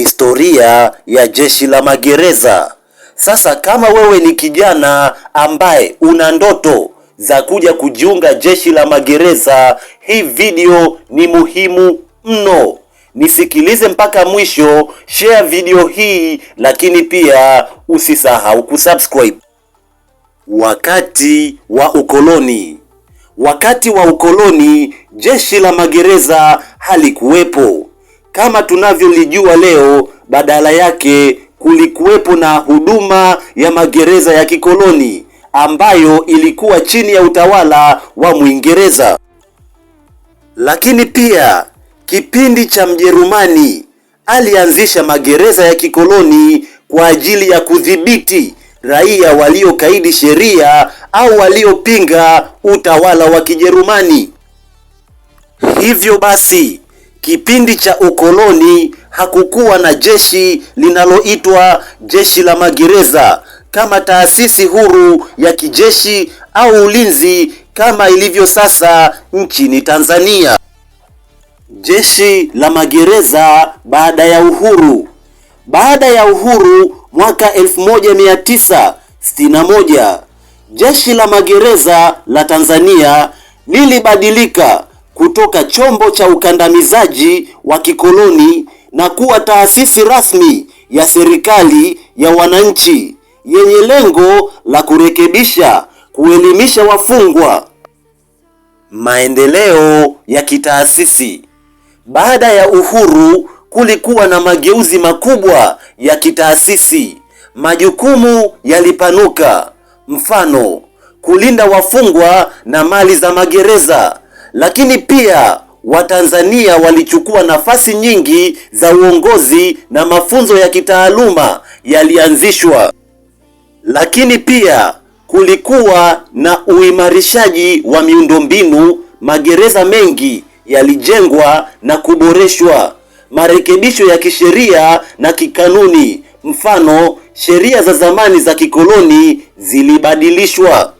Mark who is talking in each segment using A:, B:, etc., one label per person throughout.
A: Historia ya jeshi la magereza. Sasa kama wewe ni kijana ambaye una ndoto za kuja kujiunga jeshi la magereza, hii video ni muhimu mno. Nisikilize mpaka mwisho, share video hii, lakini pia usisahau kusubscribe. Wakati wa ukoloni. Wakati wa ukoloni jeshi la magereza halikuwepo kama tunavyolijua leo. Badala yake kulikuwepo na huduma ya magereza ya kikoloni ambayo ilikuwa chini ya utawala wa Mwingereza. Lakini pia kipindi cha Mjerumani alianzisha magereza ya kikoloni kwa ajili ya kudhibiti raia waliokaidi sheria au waliopinga utawala wa Kijerumani. Hivyo basi Kipindi cha ukoloni hakukuwa na jeshi linaloitwa jeshi la magereza kama taasisi huru ya kijeshi au ulinzi kama ilivyo sasa nchini Tanzania. Jeshi la magereza baada ya uhuru. Baada ya uhuru mwaka 1961 jeshi la magereza la Tanzania lilibadilika kutoka chombo cha ukandamizaji wa kikoloni na kuwa taasisi rasmi ya serikali ya wananchi yenye lengo la kurekebisha, kuelimisha wafungwa. Maendeleo ya kitaasisi. Baada ya uhuru kulikuwa na mageuzi makubwa ya kitaasisi. Majukumu yalipanuka, mfano kulinda wafungwa na mali za magereza lakini pia Watanzania walichukua nafasi nyingi za uongozi na mafunzo ya kitaaluma yalianzishwa, lakini pia kulikuwa na uimarishaji wa miundombinu. Magereza mengi yalijengwa na kuboreshwa, marekebisho ya kisheria na kikanuni, mfano sheria za zamani za kikoloni zilibadilishwa,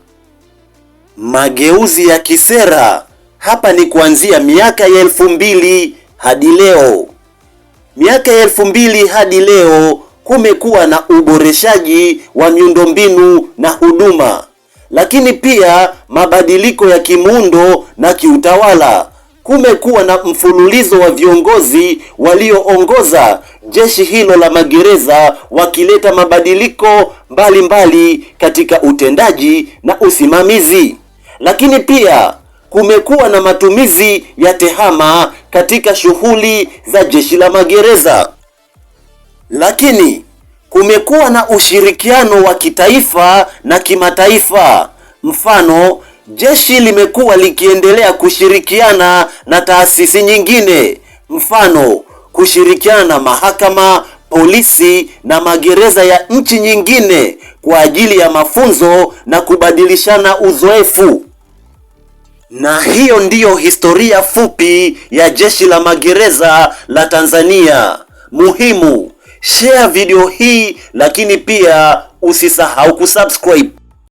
A: mageuzi ya kisera hapa ni kuanzia miaka ya elfu mbili hadi leo. Miaka ya elfu mbili hadi leo kumekuwa na uboreshaji wa miundombinu na huduma, lakini pia mabadiliko ya kimuundo na kiutawala. Kumekuwa na mfululizo wa viongozi walioongoza jeshi hilo la magereza wakileta mabadiliko mbalimbali mbali katika utendaji na usimamizi, lakini pia kumekuwa na matumizi ya tehama katika shughuli za jeshi la magereza, lakini kumekuwa na ushirikiano wa kitaifa na kimataifa. Mfano, jeshi limekuwa likiendelea kushirikiana na taasisi nyingine, mfano kushirikiana na mahakama, polisi na magereza ya nchi nyingine kwa ajili ya mafunzo na kubadilishana uzoefu. Na hiyo ndiyo historia fupi ya Jeshi la Magereza la Tanzania. Muhimu, share video hii lakini pia usisahau kusubscribe.